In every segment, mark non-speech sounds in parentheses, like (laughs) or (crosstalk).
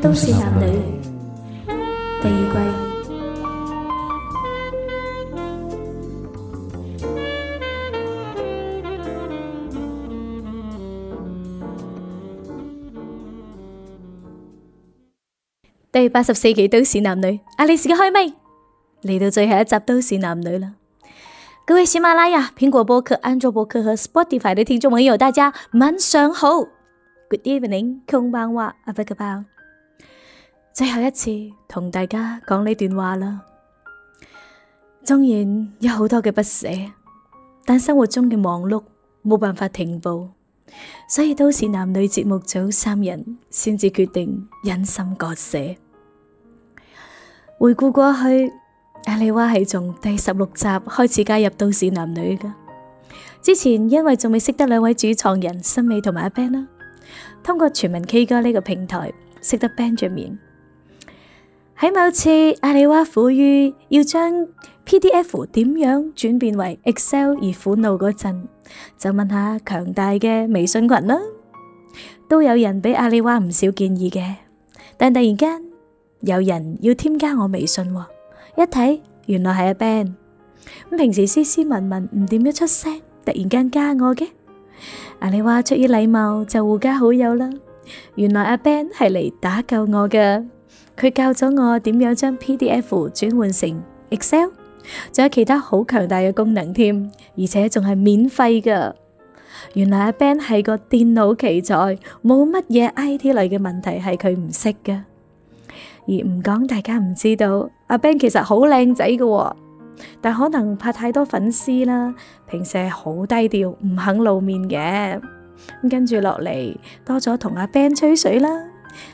《都市男女》第二季第八十四期《都市男女》，阿里娃開咪嚟，到最後一集《都市男女》啦。各位喜馬拉雅、蘋果播客、安卓播客和 Spotify 嘅聽眾朋友，大家晚上好，Good evening，空班話阿伯嘅包。最後一次同大家講呢段話啦，縱然有好多嘅不捨，但生活中嘅忙碌冇辦法停步，所以都市男女節目組三人先至決定忍心割捨。回顧過去，阿里娃係從第十六集開始加入都市男女噶，之前因為仲未識得兩位主創人森美同埋阿 Ben 啦，通過全民 K 歌呢個平台識得 Benjamin。喺某次阿里娃苦於要將 PDF 點樣轉變為 Excel 而苦惱嗰陣，就問下強大嘅微信群啦，都有人俾阿里娃唔少建議嘅。但突然間有人要添加我微信，一睇原來係阿 Ben 咁平時斯斯文文唔點樣出聲，突然間加我嘅，阿里娃出於禮貌就互加好友啦。原來阿 Ben 係嚟打救我㗎。佢教咗我點樣將 PDF 轉換成 Excel，仲有其他好強大嘅功能添，而且仲係免費嘅。原來阿 Ben 係個電腦奇才，冇乜嘢 IT 類嘅問題係佢唔識嘅。而唔講大家唔知道，阿 Ben 其實好靚仔噶，但可能怕太多粉絲啦，平時係好低調，唔肯露面嘅。跟住落嚟，多咗同阿 Ben 吹水啦。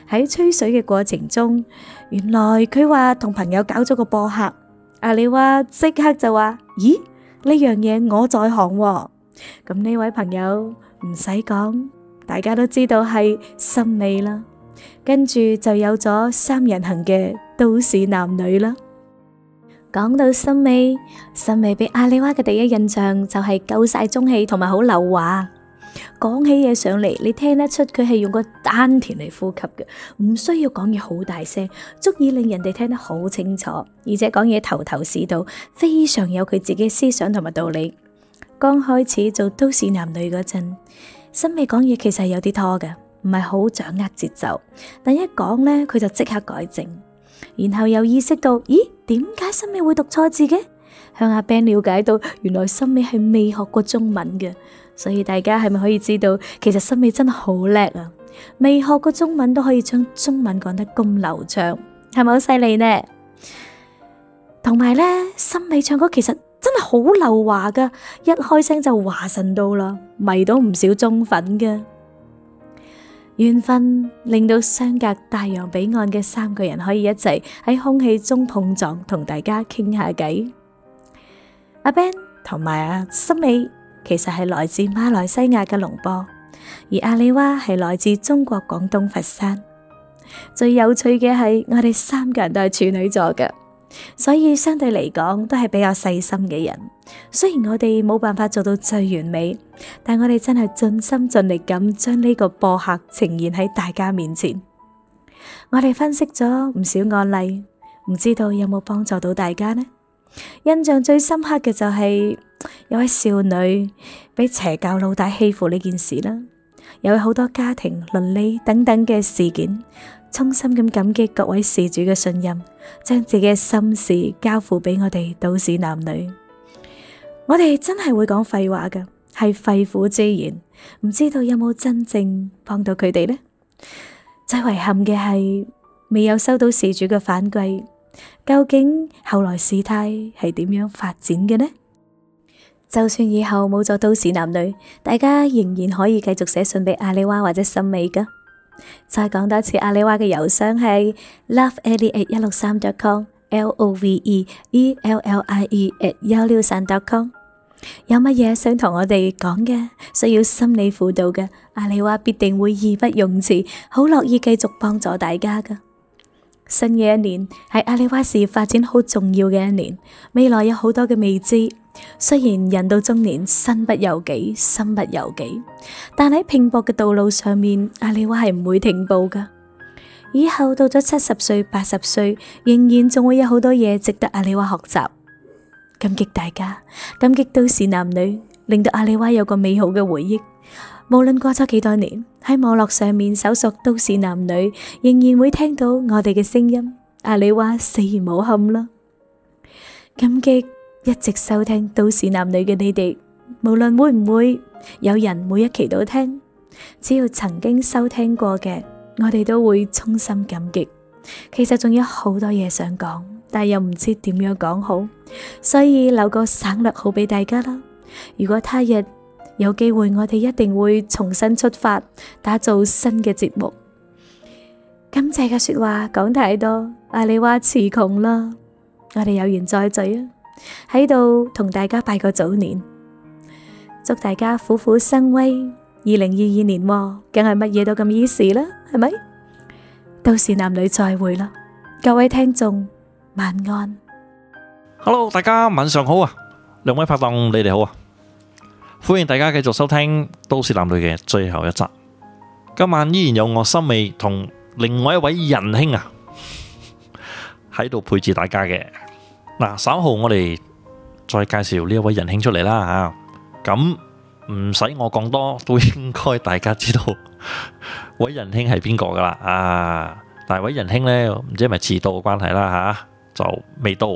喺吹水嘅過程中，原來佢話同朋友搞咗個播客，阿里娃即刻就話：咦，呢樣嘢我在行。哦，咁呢位朋友唔使講，大家都知道係森美啦。跟住就有咗三人行嘅都市男女啦。講到森美，森美俾阿里娃嘅第一印象就係夠晒中氣同埋好流華。講起嘢上嚟，你聽得出佢係用個丹田嚟呼吸嘅，唔需要講嘢好大聲，足以令人哋聽得好清楚，而且講嘢頭頭是道，非常有佢自己思想同埋道理。剛開始做都市男女嗰陣，森美講嘢其實係有啲拖嘅，唔係好掌握節奏，但一講呢，佢就即刻改正，然後又意識到，咦，點解森美會讀錯字嘅？向阿 Ben 了解到，原來森美係未學過中文嘅。所以大家係咪可以知道，其實森美真係好叻啊！未學過中文都可以將中文講得咁流暢，係咪好犀利呢？同埋呢，森美唱歌其實真係好流華噶，一開聲就華神到啦，迷到唔少忠粉噶。緣分令到相隔大洋彼岸嘅三個人可以一齊喺空氣中碰撞，同大家傾下偈。阿 Ben 同埋阿森美。其實係來自馬來西亞嘅隆波，而阿里娃係來自中國廣東佛山。最有趣嘅係，我哋三個人都係處女座嘅，所以相對嚟講都係比較細心嘅人。雖然我哋冇辦法做到最完美，但我哋真係盡心盡力咁將呢個播客呈現喺大家面前。我哋分析咗唔少案例，唔知道有冇幫助到大家呢？印象最深刻嘅就係、是、有位少女俾邪教老大欺負呢件事啦，有好多家庭倫理等等嘅事件。衷心咁感激各位事主嘅信任，將自己嘅心事交付俾我哋都市男女，我哋真係會講廢話㗎，係肺腑之言，唔知道有冇真正幫到佢哋呢？最遺憾嘅係未有收到事主嘅反饋。究竟後來事態係點樣發展嘅呢？就算以後冇咗都市男女，大家仍然可以繼續寫信俾阿里娃或者森美嘅。再講多一次，阿里娃嘅郵箱係 loveellie@163.com，L O V E E L L I E@163.com，有乜嘢想同我哋講嘅，需要心理輔導嘅，阿里娃必定會義不容辭，好樂意繼續幫助大家噶。新嘅一年係阿里娃事業發展好重要嘅一年，未來有好多嘅未知。雖然人到中年，身不由己，身不由己，但喺拼搏嘅道路上面，阿里娃係唔會停步噶。以後到咗七十歲、八十歲，仍然仲會有好多嘢值得阿里娃學習。感激大家，感激都市男女，令到阿里娃有個美好嘅回憶。無論過咗幾多年，喺網絡上面搜索都市男女，仍然會聽到我哋嘅聲音。阿里話死而無憾啦，感激一直收聽都市男女嘅你哋。無論會唔會有人每一期都聽，只要曾經收聽過嘅，我哋都會衷心感激。其實仲有好多嘢想講，但又唔知點樣講好，所以留個省略號俾大家啦。如果他日，有機會我哋一定會重新出發，打造新嘅節目。今次嘅說話講太多，阿你話詞窮啦。我哋有緣再聚啊！喺度同大家拜個早年，祝大家虎虎生威。二零二二年喎，梗係乜嘢都咁 easy 啦，係咪？到時男女再會啦，各位聽眾晚安。Hello，大家晚上好啊，兩位拍檔你哋好啊。歡迎大家繼續收聽《都市男女》嘅最後一集。今晚依然有我森美同另外一位仁兄啊，喺度陪住大家嘅。嗱，稍後我哋再介紹呢一位仁兄出嚟啦吓。咁唔使我講多，都應該大家知道，位仁兄係邊個噶啦啊？但係位仁兄咧，唔知係咪遲到嘅關係啦吓，就未到。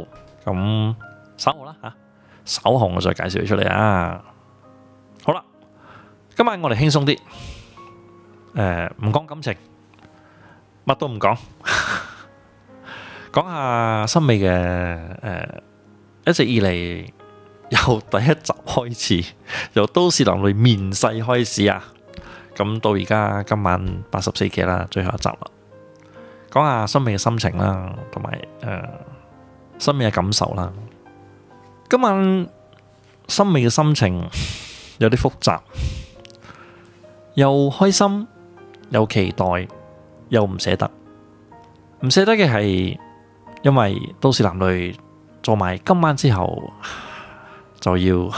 咁稍後啦吓，稍後我再介紹佢出嚟啊。好啦，今晚我哋輕鬆啲，誒唔講感情，乜都唔講，講下森美嘅，誒一直以嚟由第一集開始，由都市男女面世開始啊，咁到而家今晚八十四期啦，最後一集啦，講下森美嘅心情啦，同埋誒森美嘅感受啦，今晚森美嘅心情。有啲複雜，又開心，又期待，又唔捨得。唔捨得嘅係，因為都市男女做埋今晚之後，就要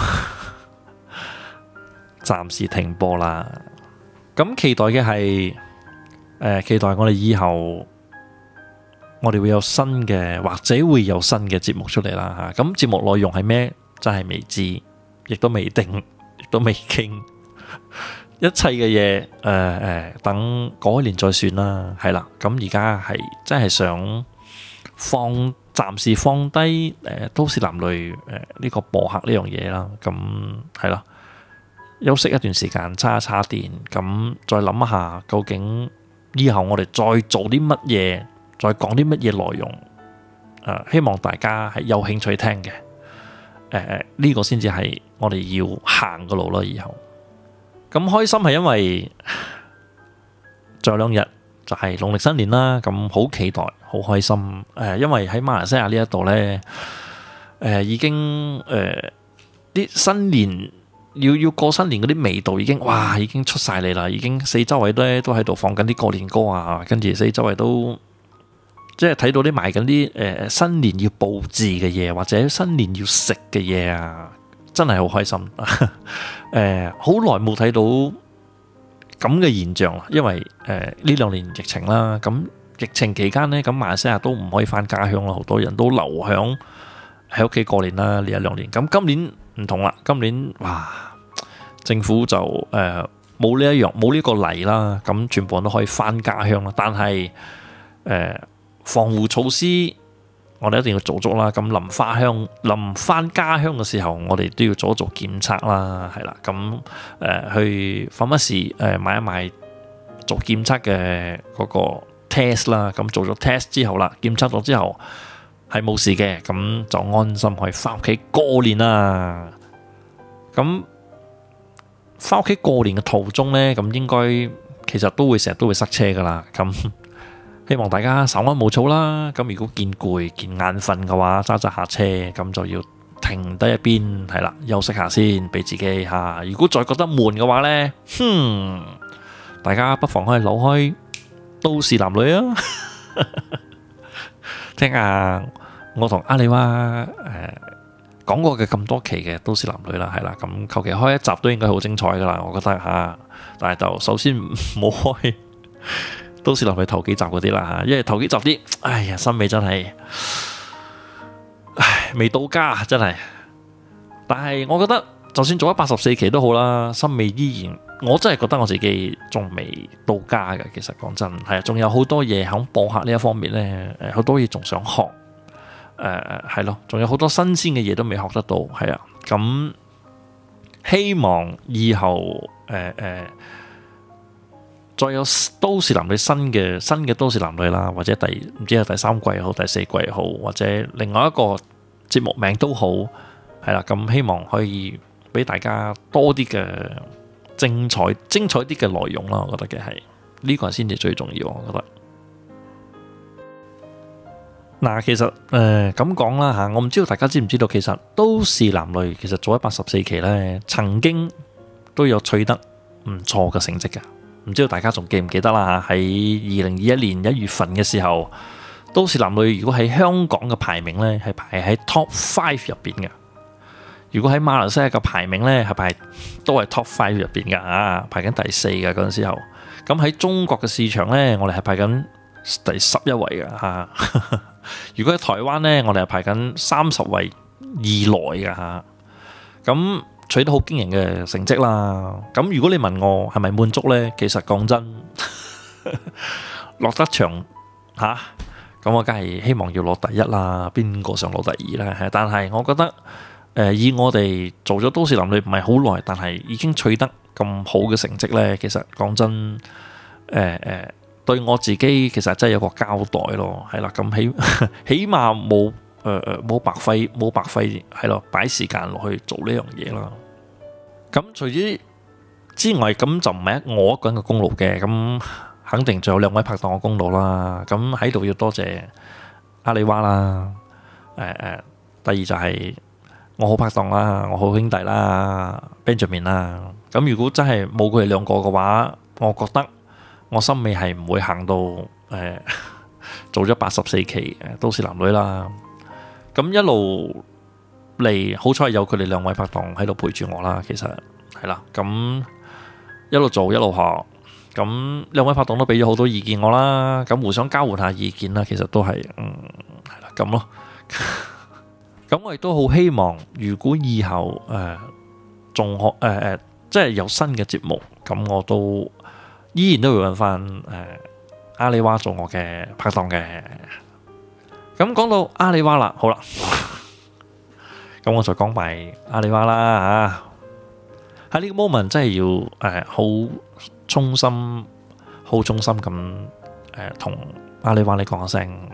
暫 (laughs) 時停播啦。咁期待嘅係，呃，期待我哋以後，我哋會有新嘅，或者會有新嘅節目出嚟啦。吓，咁節目內容係咩？真係未知，亦都未定。都未傾，一切嘅嘢，誒、呃、誒，等過一年再算啦，係啦，咁而家係真係想放，暫時放低，誒、呃，都市男女，誒、呃，呢、這個播客呢樣嘢啦，咁係啦，休息一段時間，叉一叉電，咁、嗯、再諗下，究竟以後我哋再做啲乜嘢，再講啲乜嘢內容，誒、呃，希望大家係有興趣聽嘅，誒、呃，呢、這個先至係。我哋要行個路啦，以後咁開心係因為再兩日就係農曆新年啦，咁好期待，好開心誒、呃！因為喺馬來西亞呢一度呢，誒、呃、已經誒啲、呃、新年要要過新年嗰啲味道已經哇，已經出晒嚟啦，已經四周圍都都喺度放緊啲過年歌啊，跟住四周圍都即係睇到啲賣緊啲誒新年要布置嘅嘢，或者新年要食嘅嘢啊。真係好開心，誒好耐冇睇到咁嘅現象，因為誒呢兩年疫情啦，咁疫情期間咧，咁馬來西亞都唔可以翻家鄉啦，好多人都留響喺屋企過年啦，呢一兩年，咁今年唔同啦，今年哇、呃，政府就誒冇呢一樣冇呢個例啦，咁全部人都可以翻家鄉啦，但係誒、呃、防護措施。我哋一定要做足啦。咁臨返鄉、臨翻家鄉嘅時候，我哋都要做一做檢測啦，係啦。咁誒，去翻一時誒買一買做檢測嘅嗰個 test 啦。咁做咗 test 之後啦，檢測咗之後係冇事嘅，咁就安心去翻屋企過年啦。咁翻屋企過年嘅途中呢，咁應該其實都會成日都會塞車噶啦。咁希望大家稍安毋躁啦，咁如果見攰見眼瞓嘅話，揸揸下車，咁就要停低一邊係啦，休息下先，俾自己吓。如果再覺得悶嘅話呢，哼，大家不妨可以扭開《都市男女》啊，聽下我同阿里娃誒講過嘅咁多期嘅《都市男女》啦，係啦，咁求其開一集都應該好精彩噶啦，我覺得吓，但係就首先唔好開。都係留嚟頭幾集嗰啲啦，因為頭幾集啲，哎呀，心味真係，唉，未到家真係。但係我覺得，就算做咗八十四期都好啦，心味依然，我真係覺得我自己仲未到家嘅。其實講真，係啊，仲有好多嘢喺播客呢一方面呢，誒，好多嘢仲想學，誒、呃、誒，係咯，仲有好多新鮮嘅嘢都未學得到，係啊，咁希望以後，誒、呃、誒。呃再有《都市男女》新嘅新嘅《都市男女》啦，或者第唔知係第三季好第四季好，或者另外一個節目名都好係啦。咁希望可以俾大家多啲嘅精彩精彩啲嘅內容啦。我覺得嘅係呢個先至最重要。我覺得嗱，其實誒咁講啦吓，我唔知道大家知唔知道，其實《都市男女》其實做咗八十四期呢，曾經都有取得唔錯嘅成績嘅。唔知道大家仲記唔記得啦吓？喺二零二一年一月份嘅時候，都市男女如果喺香港嘅排名咧，係排喺 top five 入邊嘅；如果喺馬來西亞嘅排名咧，係排都係 top five 入邊嘅吓，排緊第四嘅嗰陣時候。咁喺中國嘅市場咧，我哋係排緊第十一位嘅吓。 (laughs) 如果喺台灣咧，我哋係排緊三十位以內嘅吓。咁取得好驚人嘅成績啦！咁如果你問我係咪滿足咧？其實講真，落得場嚇，咁我梗係希望要攞第一啦，邊個想攞第二咧？但係我覺得，誒以我哋做咗都市男女唔係好耐，但係已經取得咁好嘅成績咧。其實講真，誒誒對我自己其實真係有個交代咯，係啦，咁起起碼冇誒誒冇白費冇白費係咯，擺時間落去做呢樣嘢啦。咁除咗之外，咁就唔係我一個人嘅功勞嘅，咁肯定仲有兩位拍檔嘅功勞啦。咁喺度要多謝阿里娃啦，誒、呃、誒，第二就係、是、我好拍檔啦，我好兄弟啦，Benjamin 啦。咁如果真係冇佢哋兩個嘅話，我覺得我心尾係唔會行到誒、呃、做咗八十四期都市男女啦。咁一路。嚟好彩有佢哋兩位拍檔喺度陪住我啦，其實係啦，咁一路做一路學，咁兩位拍檔都俾咗好多意見我啦，咁互相交換下意見啦，其實都係嗯係啦咁咯，咁 (laughs) 我亦都好希望，如果以後誒仲、呃、學誒誒、呃，即係有新嘅節目，咁我都依然都會揾翻誒阿里娃做我嘅拍檔嘅。咁講到阿里娃啦，好啦。 (laughs) 咁我再講埋阿里娃啦吓，喺呢個 moment 真係要誒好、呃、衷心、好衷心咁誒同阿里娃你講一聲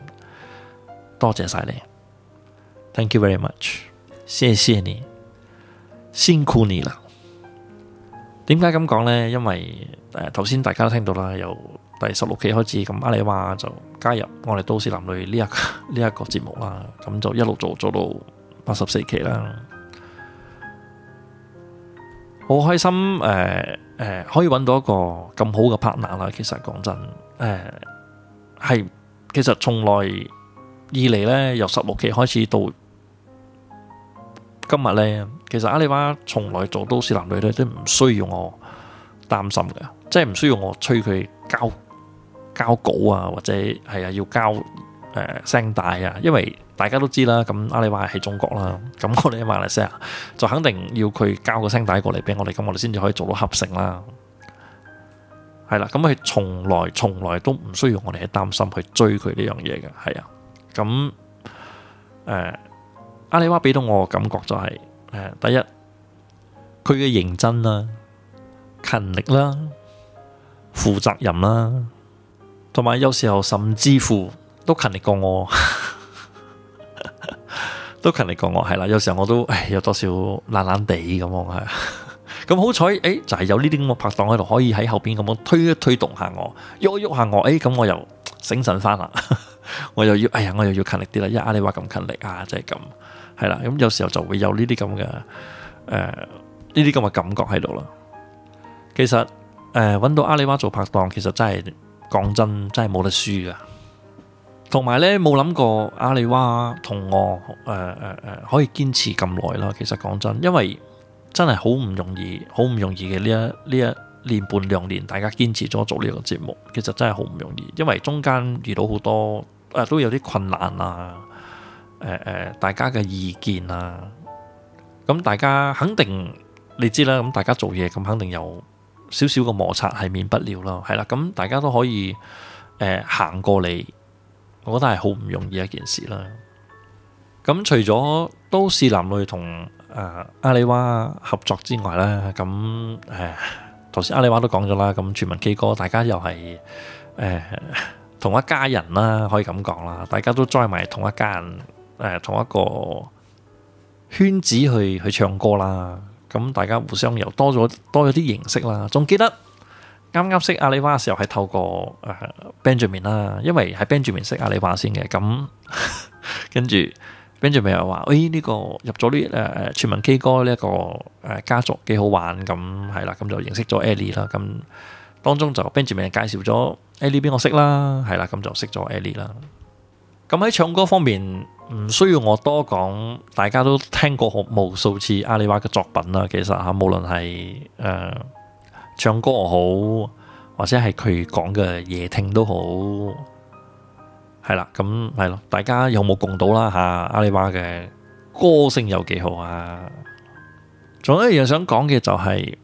多謝晒你，thank you very much，謝謝你辛苦你啦。點解咁講呢？因為誒頭先大家都聽到啦，由第十六期開始咁阿里娃就加入我哋都市男女呢一呢一個節目啦，咁就一路做做到。八十四期啦，好開心誒誒、呃呃，可以揾到一個咁好嘅拍檔啦。其實講真，誒、呃、係其實從來以嚟咧，由十六期開始到今日咧，其實阿里巴巴從來做都市男女咧，都唔需要我擔心嘅，即係唔需要我催佢交交稿啊，或者係啊要交誒聲帶啊，因為。大家都知啦，咁阿里娃喺中國啦，咁我哋喺馬來西亞就肯定要佢交個聲帶過嚟俾我哋，咁我哋先至可以做到合成啦。係啦，咁佢從來從來都唔需要我哋擔心去追佢呢樣嘢嘅，係啊。咁誒、呃，阿里娃俾到我嘅感覺就係、是、誒、呃，第一佢嘅認真啦、勤力啦、負責任啦，同埋有,有時候甚至乎都勤力過我。 (laughs) 都勤力過我，係啦，有時候我都有多少懶懶地咁啊，係，咁、 (laughs) 嗯、好彩，誒，就係、是、有呢啲咁嘅拍檔喺度，可以喺後邊咁樣推一推動一下我，喐喐下我，誒，咁我又醒神翻啦， (laughs) 我又要，哎呀，我又要勤力啲啦，因為阿里娃咁勤力啊，即係咁，係啦，咁、嗯、有時候就會有呢啲咁嘅，誒、呃，呢啲咁嘅感覺喺度啦。其實，誒、呃，搵到阿里娃做拍檔，其實真係講真，真係冇得輸噶。同埋咧，冇諗過阿里娃同我，誒誒誒，可以堅持咁耐啦。其實講真，因為真係好唔容易，好唔容易嘅呢一呢一年半兩年，大家堅持咗做呢個節目，其實真係好唔容易。因為中間遇到好多，誒、呃，都有啲困難啊，誒、呃、誒、呃，大家嘅意見啊，咁大家肯定你知啦。咁大家做嘢咁，肯定有少少嘅摩擦係免不了啦。係啦，咁、嗯、大家都可以，誒、呃，行過嚟。我覺得係好唔容易一件事啦。咁、嗯、除咗都市男女同阿里娃合作之外啦，咁、嗯、誒，頭先阿里娃都講咗啦。咁全民 K 歌，大家又係誒同一家人啦，可以咁講啦。大家都栽埋同一家人誒同一個圈子去去唱歌啦。咁、嗯、大家互相又多咗多咗啲認識啦，仲記得，啱啱識阿里娃嘅時候係透過誒 Benjamin 啦，因為係 Benjamin 識阿里娃先嘅。咁 (laughs) 跟住 Benjamin 又話，誒、哎、呢、這個入咗呢誒全民 K 歌呢一個誒家族幾好玩，咁係啦，咁就認識咗 Ali 啦，咁當中就 Benjamin 介紹咗，誒呢邊我識啦，係啦，咁就識咗 Ali 啦。咁喺唱歌方面唔需要我多講，大家都聽過好無數次阿里娃嘅作品啦，其實吓無論係誒。呃唱歌又好，或者係佢講嘅嘢聽都好，係啦。咁係咯，大家有冇共睹啦？吓、啊，阿里娃嘅歌聲有幾好啊？仲有一樣想講嘅就係、是，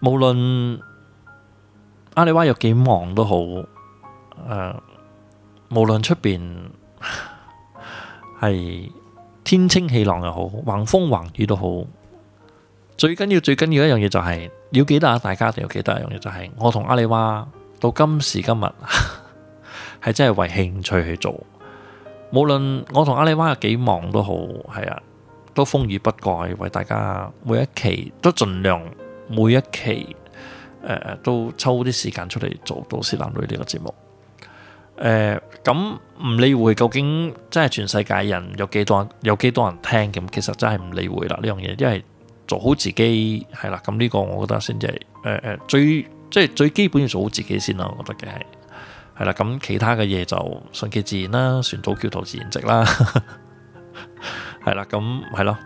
無論阿里娃有幾忙都好，誒、啊，無論出邊係天清氣朗又好，橫風橫雨都好，最緊要最緊要一樣嘢就係、是。要記，要記得，大家一定要記得一樣嘢，就係、是、我同阿里娃到今時今日，係 (laughs) 真係為興趣去做。無論我同阿里娃有幾忙都好，係啊，都風雨不改，為大家每一期都盡量每一期、呃、都抽啲時間出嚟做都市男女呢個節目。誒咁唔理會，究竟真係全世界人有幾多有幾多人聽咁，其實真係唔理會啦呢樣嘢，因為。做好自己係啦，咁呢個我覺得先至誒誒最，即係最基本要做好自己先啦，我覺得嘅係係啦，咁其他嘅嘢就順其自然啦，船到橋頭自然直啦，係啦，咁係咯，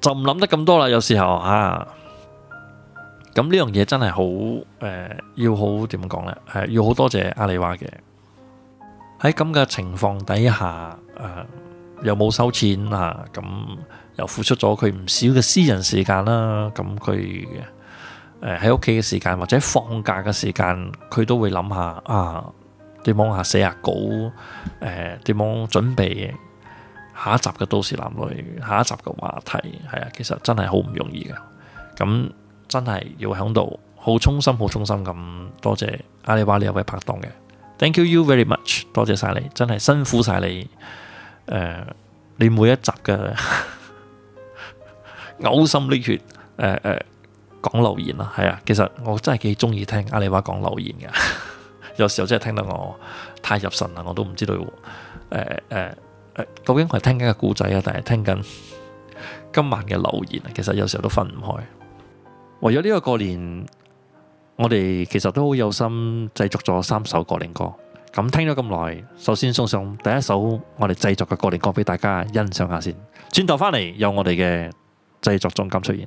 就唔諗得咁多啦。有時候吓，咁呢樣嘢真係好誒、呃，要好點講咧？係、啊、要好多謝阿里娃嘅，喺咁嘅情況底下誒、啊，又冇收錢啊，咁、啊。啊又付出咗佢唔少嘅私人時間啦，咁佢誒喺屋企嘅時間或者放假嘅時間，佢都會諗下啊點樣下寫下、啊、稿誒點樣準備下一集嘅都市男女下一集嘅話題係啊，其實真係好唔容易嘅，咁、嗯、真係要喺度好衷心好衷心咁多謝阿里娃呢位拍檔嘅，Thank you you very much，多謝晒你，真係辛苦晒你誒、呃，你每一集嘅。 (laughs) 嘔心瀝血誒誒講留言啦，係啊。其實我真係幾中意聽阿里娃講留言嘅， (laughs) 有時候真係聽得我太入神啦，我都唔知道誒、呃呃呃、究竟我係聽緊個故仔啊，定係聽緊今晚嘅留言啊？其實有時候都分唔開。為咗呢個過年，我哋其實都好有心製作咗三首過年歌。咁聽咗咁耐，首先送上第一首我哋製作嘅過年歌俾大家欣賞下先。轉頭翻嚟有我哋嘅。製作中間出現。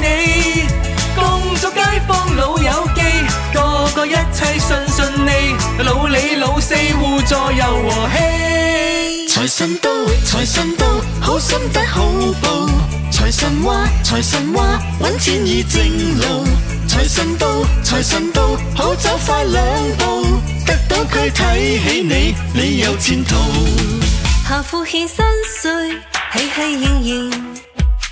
你恭祝街坊老友記，個個一切順順利，老李老四互助又和氣。財神到，財神到，好心得好報。財神話，財神話，揾錢易正路。財神到，財神到，好走快兩步，得到佢睇起你，你有前途。下富獻新歲，喜氣盈盈。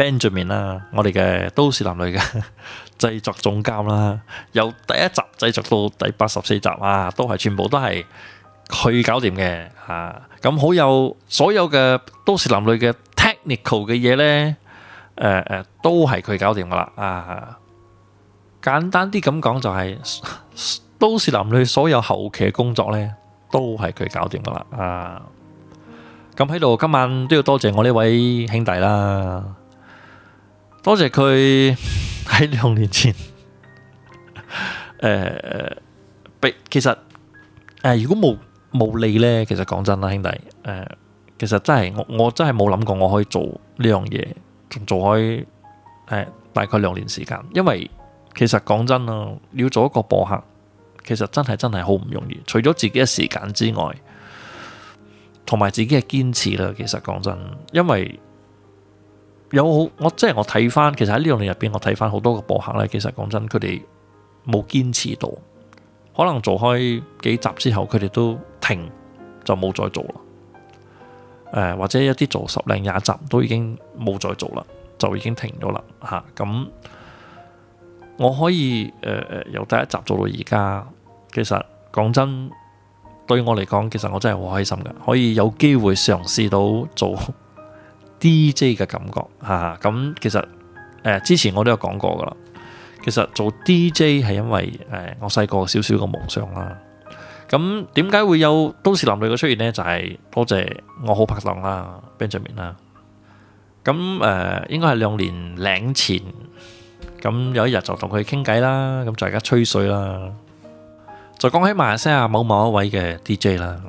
Benjamin 啦，Benjamin, 我哋嘅都市男女嘅製作總監啦，由第一集製作到第八十四集啊，都係全部都係佢搞掂嘅吓。咁、啊、好有所有嘅都市男女嘅 technical 嘅嘢呢，誒、呃、誒，都係佢搞掂噶啦啊。簡單啲咁講就係、是、都市男女所有後期嘅工作呢，都係佢搞掂噶啦啊。咁喺度今晚都要多謝我呢位兄弟啦。多謝佢喺兩年前、 (laughs) 呃，誒，比其實誒、呃，如果冇冇利咧，其實講真啦，兄弟，誒，其實真係我我真係冇諗過我可以做呢樣嘢，仲做開誒、呃、大概兩年時間，因為其實講真啦，要做一個播客，其實真係真係好唔容易，除咗自己嘅時間之外，同埋自己嘅堅持啦，其實講真，因為。有好，我即係我睇翻，其實喺呢兩年入邊，我睇翻好多嘅播客咧。其實講真，佢哋冇堅持到，可能做開幾集之後，佢哋都停，就冇再做啦。誒、呃，或者一啲做十零廿集，都已經冇再做啦，就已經停咗啦。吓、啊，咁我可以誒、呃、由第一集做到而家。其實講真，對我嚟講，其實我真係好開心㗎，可以有機會嘗試到做。D.J. 嘅感覺嚇，咁其實誒之前我都有講過噶啦。其實做 D.J. 係因為誒我細個少少嘅夢想啦。咁點解會有都市男女嘅出現呢？就係多謝我好拍檔啦，Benjamin 啦。咁誒應該係兩年零前，咁有一日就同佢傾偈啦，咁就而家吹水啦。就講起馬來西亞，某某一位嘅 D.J. 啦，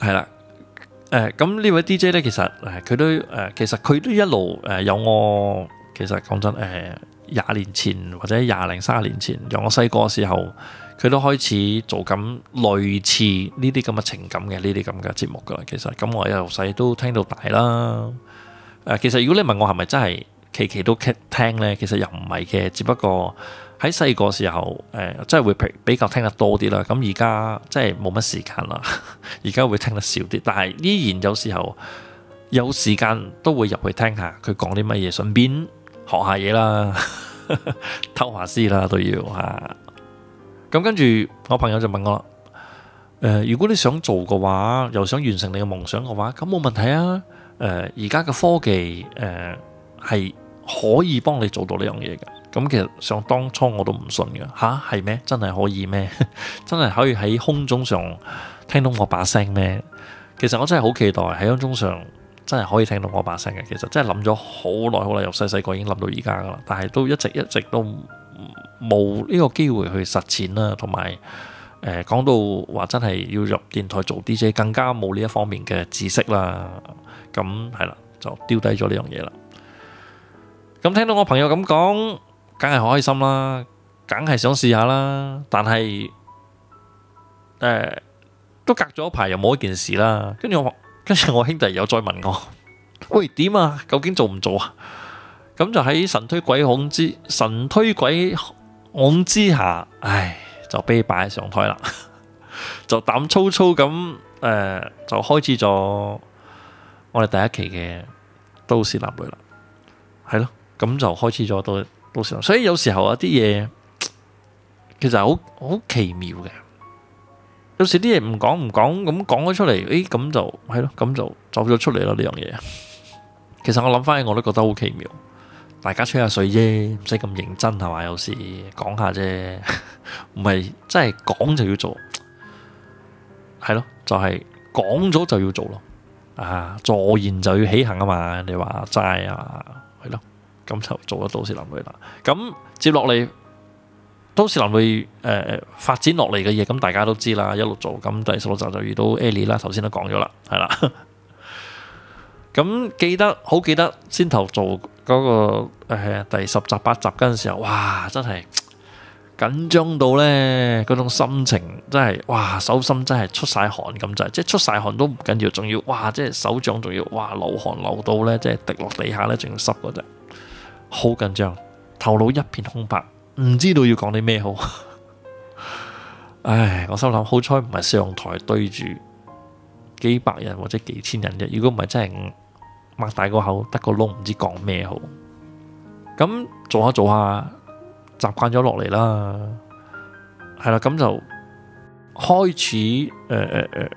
係啦。誒咁呢位 DJ 呢，其實誒佢都誒，其實佢都一路誒有我。其實講、呃、真誒，廿、呃、年前或者廿零三十年前，由我細個時候，佢都開始做緊類似呢啲咁嘅情感嘅呢啲咁嘅節目噶啦。其實咁我由細都聽到大啦。誒、呃，其實如果你問我係咪真係期期都聽呢？其實又唔係嘅，只不過。喺細個時候，誒、呃，真係會比比較聽得多啲啦。咁而家真係冇乜時間啦，而家會聽得少啲。但係依然有時候有時間都會入去聽下佢講啲乜嘢，順便學下嘢啦，呵呵偷下師啦都要啊。咁、啊、跟住我朋友就問我，誒、呃，如果你想做嘅話，又想完成你嘅夢想嘅話，咁冇問題啊。誒、呃，而家嘅科技，誒、呃，係可以幫你做到呢樣嘢嘅。咁其實想當初我都唔信嘅，吓？係咩？真係可以咩？ (laughs) 真係可以喺空中上聽到我把聲咩？其實我真係好期待喺空中上真係可以聽到我把聲嘅。其實真係諗咗好耐好耐，由細細個已經諗到而家噶啦，但係都一直一直都冇呢個機會去實踐啦，同埋誒講到話真係要入電台做 DJ，更加冇呢一方面嘅知識啦。咁係啦，就丟低咗呢樣嘢啦。咁聽到我朋友咁講。梗係開心啦，梗係想試下啦。但係誒，都隔咗一排又冇一件事啦。跟住我，跟住我兄弟又再問我：喂，點啊？究竟做唔做啊？咁就喺神推鬼恐之神推鬼恐之下，唉，就被擺上台啦。就膽粗粗咁誒，就開始咗我哋第一期嘅都市男女啦。係咯，咁就開始咗都。所以有時候啊，啲嘢其實好好奇妙嘅。有時啲嘢唔講唔講，咁講咗出嚟，誒咁就係咯，咁就走咗出嚟啦呢樣嘢。其實我諗翻起我都覺得好奇妙。大家吹下水啫，唔使咁認真係嘛。有時講下啫，唔係真係講就要做。係咯，就係講咗就要做咯。啊，坐言就要起行啊嘛。你話齋啊。咁就做咗都市男女啦。咁接落嚟都市男女誒發展落嚟嘅嘢，咁大家都知啦。一路做咁第十六集就遇到 Ellie 啦，頭先都講咗啦，係啦。咁 (laughs) 記得好記得先頭做嗰、嗰個、呃、第十集、八集嗰陣時候，哇！真係緊張到呢，嗰種心情真係哇，手心真係出晒汗咁滯，即係出晒汗都唔緊要，仲要哇，即係手掌仲要哇流汗流，流到呢，即係滴落地下呢，仲要濕嗰隻。好緊張，頭腦一片空白，唔知道要講啲咩好。 (laughs) 唉，我心諗，好彩唔係上台對住幾百人或者幾千人啫，如果唔係真係擘大個口得個窿，唔知講咩好。咁做下做下，習慣咗落嚟啦。係啦，咁就開始誒誒誒，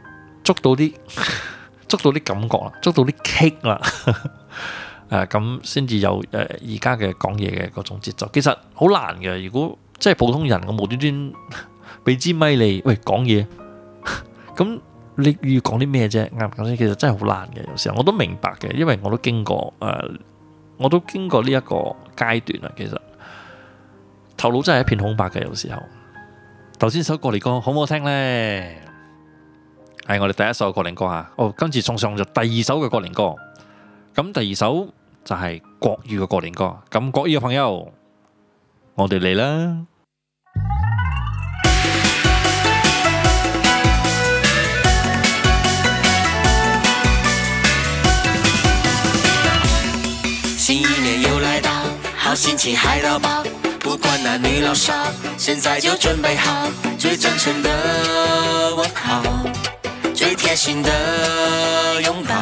捉到啲 (laughs) 捉到啲感覺啦，捉到啲 kick 啦。 (laughs) 誒，咁先至有誒，而家嘅講嘢嘅嗰種節奏，其實好難嘅。如果即係普通人，我無端端俾支咪你，喂，講嘢，咁你要講啲咩啫？啱唔啱先？其實真係好難嘅，有時候我都明白嘅，因為我都經過誒、呃，我都經過呢一個階段啊。其實頭腦真係一片空白嘅，有時候。頭先首過年歌好唔好聽咧？係我哋第一首過年歌啊！哦，今次送上就第二首嘅過年歌，咁第二首。就係國語嘅過年歌，咁國語嘅朋友，我哋嚟啦！新一年又來到，好心情嗨到爆，不管男女老少，現在就準備好，最真誠的問候，最貼心的擁抱，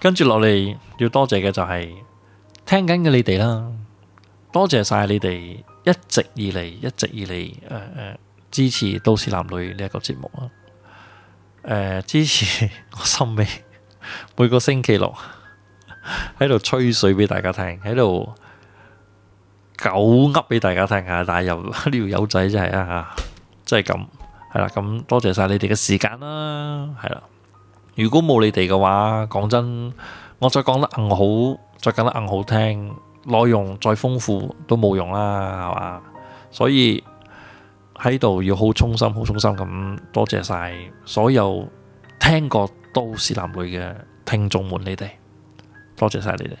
跟住落嚟要多謝嘅就係、是、聽緊嘅你哋啦，多謝晒你哋一直以嚟，一直以嚟誒誒支持都市男女呢一、這個節目啊。誒、呃、支持 (laughs) 我森美每個星期六喺度吹水俾大家聽，喺度狗噏俾大家聽、 (laughs) 就是、啊，但係又呢條友仔真係啊吓，真係咁係啦，咁多謝晒你哋嘅時間啦，係啦。如果冇你哋嘅話，講真，我再講得更好，再講得更好聽，內容再豐富都冇用啦，係嘛？所以喺度要好衷心、好衷心咁多謝晒所有聽過都市男女嘅聽眾們，你哋多謝晒你哋。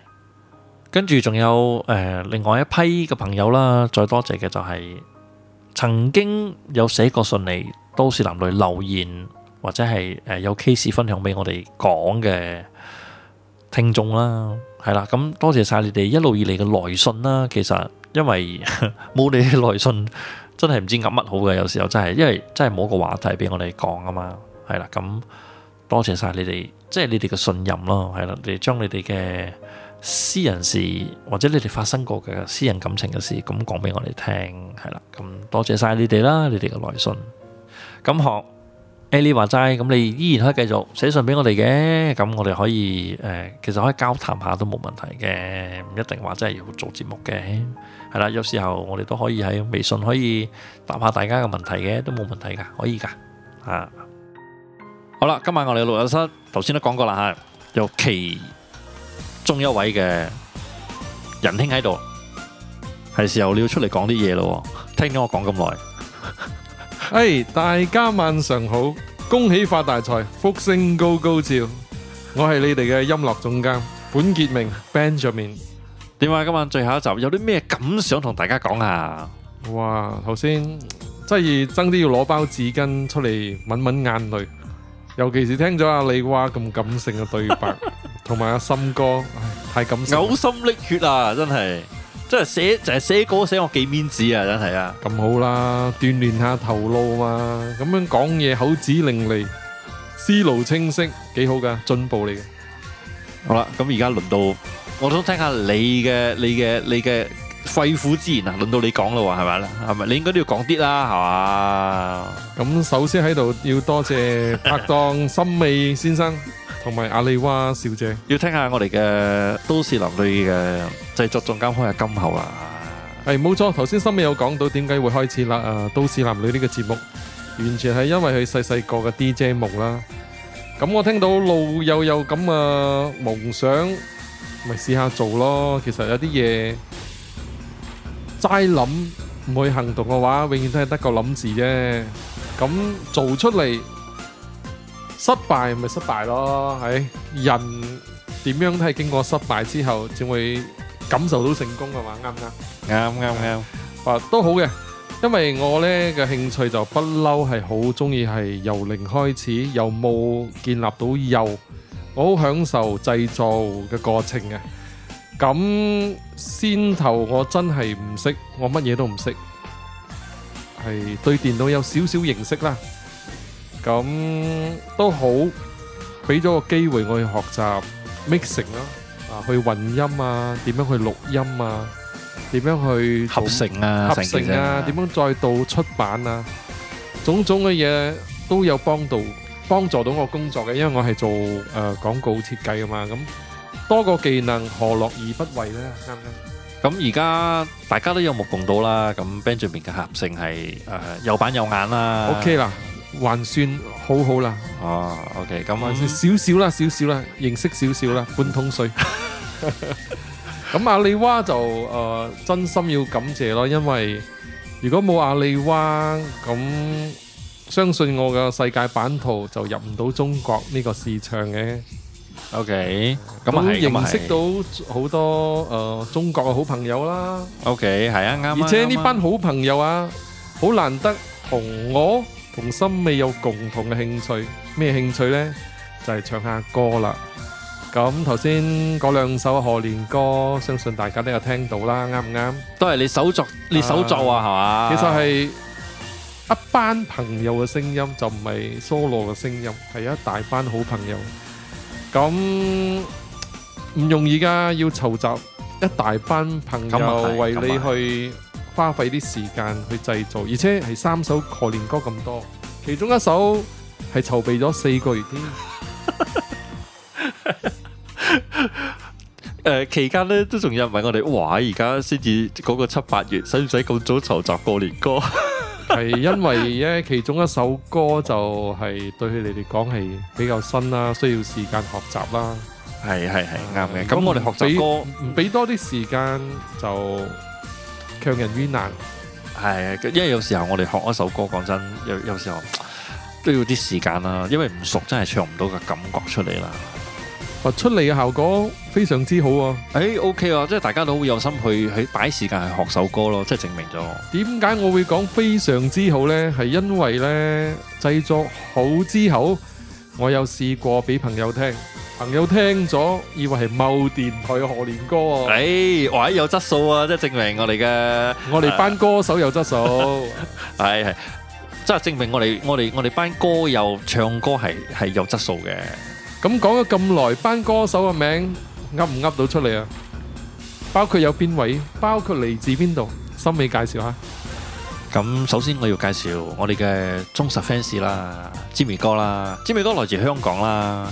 跟住仲有誒、呃，另外一批嘅朋友啦，再多謝嘅就係曾經有寫過信嚟，都市男女留言。或者係誒有 case 分享俾我哋講嘅聽眾啦，係啦，咁多謝晒你哋一路以嚟嘅來信啦。其實因為冇 (laughs) 你哋嘅來信，真係唔知噏乜好嘅，有時候真係，因為真係冇個話題俾我哋講啊嘛。係啦，咁多謝晒你哋，即係你哋嘅信任咯。係啦，你哋將你哋嘅私人事或者你哋發生過嘅私人感情嘅事咁講俾我哋聽，係啦，咁多謝晒你哋啦，你哋嘅來信，咁學。Ali 話齋，咁你依然可以繼續寫信俾我哋嘅，咁我哋可以誒，其實可以交談下都冇問題嘅，唔一定話真係要做節目嘅，係啦，有時候我哋都可以喺微信可以答下大家嘅問題嘅，都冇問題噶，可以噶，啊，好啦，今晚我哋嘅錄音室頭先都講過啦嚇，有其中一位嘅仁兄喺度，係時候你要出嚟講啲嘢咯，聽咗我講咁耐。誒，大家晚上好，恭喜發大財，福星高高照。我係你哋嘅音樂總監本傑明 Ben 上面，點啊？今晚最後一集有啲咩感想同大家講啊？哇，頭先真係爭啲要攞包紙巾出嚟揾揾眼淚，尤其是聽咗阿里娃咁感性嘅對白，同埋阿森哥，唉，太感性，嘔心瀝血啊，真係。即係寫就係寫歌，寫我幾面子啊，真係啊。咁好啦，鍛煉下頭腦嘛，咁樣講嘢口齒伶俐，思路清晰，幾好噶，進步嚟嘅。好啦，咁而家輪到我想聽下你嘅你嘅你嘅肺腑之言啊，輪到你講啦，係咪啊？係咪你應該都要講啲啦，係嘛？咁首先喺度要多謝拍檔森美先生，同埋阿里娃小姐，要聽下我哋嘅《都市男女》嘅製作總監開下金口啦。係冇錯，頭先森美有講到點解會開始啦。啊，《都市男女》呢個節目完全係因為佢細細個嘅 DJ 夢啦。咁我聽到路又有咁嘅夢想，咪試下做咯。其實有啲嘢齋諗唔去行動嘅話，永遠都係得個諗字啫。咁做出嚟。失敗咪失敗咯，係人點樣都係經過失敗之後，先會感受到成功嘅嘛，啱唔啱？啱啱啱，啊都好嘅，因為我呢嘅興趣就不嬲，係好中意係由零開始，由冇建立到有，我好享受製造嘅過程嘅。咁先頭我真係唔識，我乜嘢都唔識，係對電腦有少少認識啦。咁都好，俾咗個機會我去學習 mixing 啦，啊去混音啊，點樣去錄音啊，點樣去合成啊，合成啊，點樣再到出版啊，種種嘅嘢都有幫到，幫助到我工作嘅，因為我係做誒廣告設計啊嘛，咁多個技能何樂而不為咧？啱唔啱？咁而家大家都有目共睹啦，咁 Benjamin 嘅合成係誒有板有眼啦，OK 啦。還算好好啦，哦，OK，咁還算少少啦，少少啦，認識少少啦，半桶水。咁阿里娃就誒，真心要感謝咯，因為如果冇阿里娃，咁相信我嘅世界版圖就入唔到中國呢個市場嘅。OK，咁認識到好多誒中國嘅好朋友啦。OK，係啊，啱啊。而且呢班好朋友啊，好難得同我。同心未有共同嘅興趣，咩興趣呢？就係唱下歌啦。咁頭先嗰兩首賀年歌，相信大家都有聽到啦，啱唔啱？都係你手作，你手作啊，係嘛？其實係一班朋友嘅聲音，就唔係 solo 嘅聲音，係一大班好朋友。咁唔容易噶，要籌集一大班朋友為你去。花費啲時間去製造，而且係三首過年歌咁多，其中一首係籌備咗四個月添。誒、 (laughs) 呃，期間咧都仲有人問我哋，哇，而家先至嗰個七八月，使唔使咁早籌集過年歌？係 (laughs) 因為咧，其中一首歌就係對佢哋嚟講係比較新啦，需要時間學習啦。係係係啱嘅。咁我哋學習歌，俾多啲時間就。.強人於難係、哎，因為有時候我哋學一首歌，講真有有時候都要啲時間啦。因為唔熟，真係唱唔到個感覺出嚟啦。出嚟嘅效果非常之好啊！誒、哎，OK 啊，即係大家都會有心去去擺時間去學首歌咯，即係證明咗我。點解我會講非常之好呢？係因為呢製作好之後，我有試過俾朋友聽。朋友聽咗，以為係某電台嘅賀年歌啊！誒、喂，有質素啊！即係證明我哋嘅，我哋班歌手有質素，係係，即係證明我哋我哋我哋班歌友唱歌係係有質素嘅。咁講咗咁耐，班歌手嘅名，噏唔噏到出嚟啊？包括有邊位，包括嚟自邊度？深尾介紹下。咁首先我要介紹我哋嘅忠實 fans 啦，Jimmy 哥啦，Jimmy 哥來自香港啦。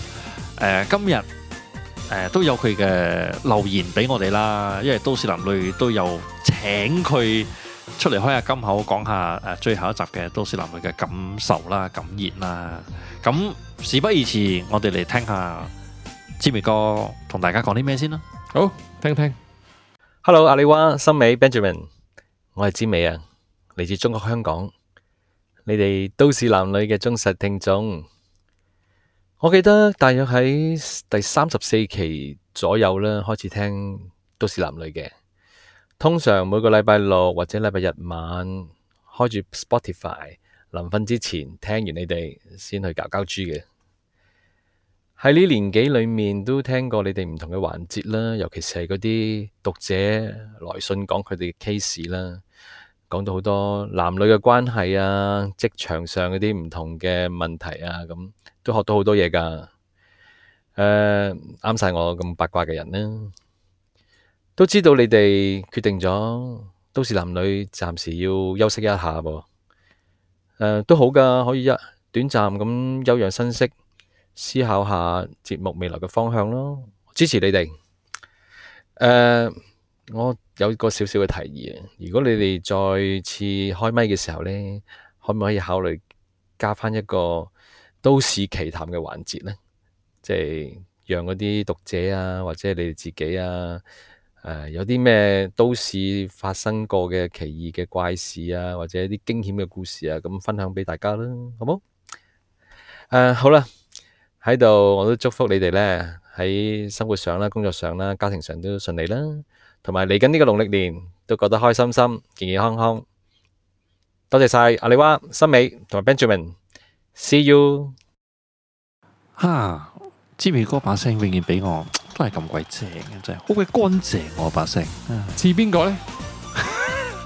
誒，今日誒都有佢嘅留言俾我哋啦，因為都市男女都有請佢出嚟開下金口，講下誒最後一集嘅都市男女嘅感受啦、感言啦。咁事不宜遲，我哋嚟聽下 Jimmy 哥同大家講啲咩先啦。好，聽聽。Hello，阿里娃森美 Benjamin，我係 Jimmy 啊，嚟自中國香港，你哋都市男女嘅忠實聽眾。我記得大約喺第三十四期左右啦，開始聽都市男女嘅。通常每個禮拜六或者禮拜日晚開住 Spotify，臨瞓之前聽完你哋先去搞搞豬嘅。喺呢年紀裏面都聽過你哋唔同嘅環節啦，尤其是係嗰啲讀者來信講佢哋嘅 case 啦，講到好多男女嘅關係啊，職場上嗰啲唔同嘅問題啊咁。都學到好多嘢噶，誒啱晒我咁八卦嘅人啦，都知道你哋決定咗，都市男女暫時要休息一下喎，誒、uh, 都好噶，可以一短暫咁休養生息，思考下節目未來嘅方向咯，支持你哋，誒、uh, 我有個少少嘅提議，如果你哋再次開麥嘅時候咧，可唔可以考慮加翻一個？都市奇談嘅環節咧，即係讓嗰啲讀者啊，或者係你哋自己啊，誒，有啲咩都市發生過嘅奇異嘅怪事啊，或者啲驚險嘅故事啊，咁分享俾大家啦，好唔好？誒，好啦，喺度我都祝福你哋咧，喺生活上啦、工作上啦、家庭上都順利啦，同埋嚟緊呢個農曆年都覺得開心心、健健康康。多謝晒阿里娃、森美同埋 Benjamin。See you！哈，Jimmy 哥把聲永遠俾我都係咁鬼正嘅，真係好鬼乾淨我把聲，似邊個咧？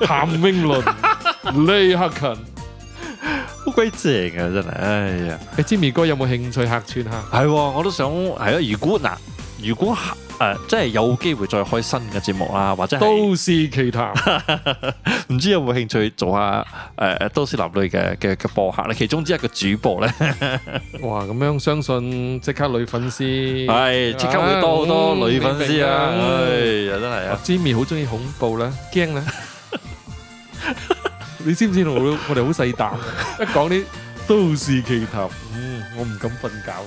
譚詠麟、李克勤， (laughs) 好鬼正啊！真係，哎呀，誒、欸，Jimmy 哥有冇興趣客串下？係、 (laughs) 哦，我都想係咯，如果嗱。如果誒，即係有機會再開新嘅節目啦，或者係都市奇談，唔知有冇興趣做下誒誒都市男女嘅嘅嘅播客咧？其中之一個主播咧，哇！咁樣相信即刻女粉絲，係即刻會多好多女粉絲啊！哎呀，真係啊！Jimmy 好中意恐怖啦，驚啦！你知唔知我我哋好細膽？一講啲都市奇談。我唔敢瞓覺，啊，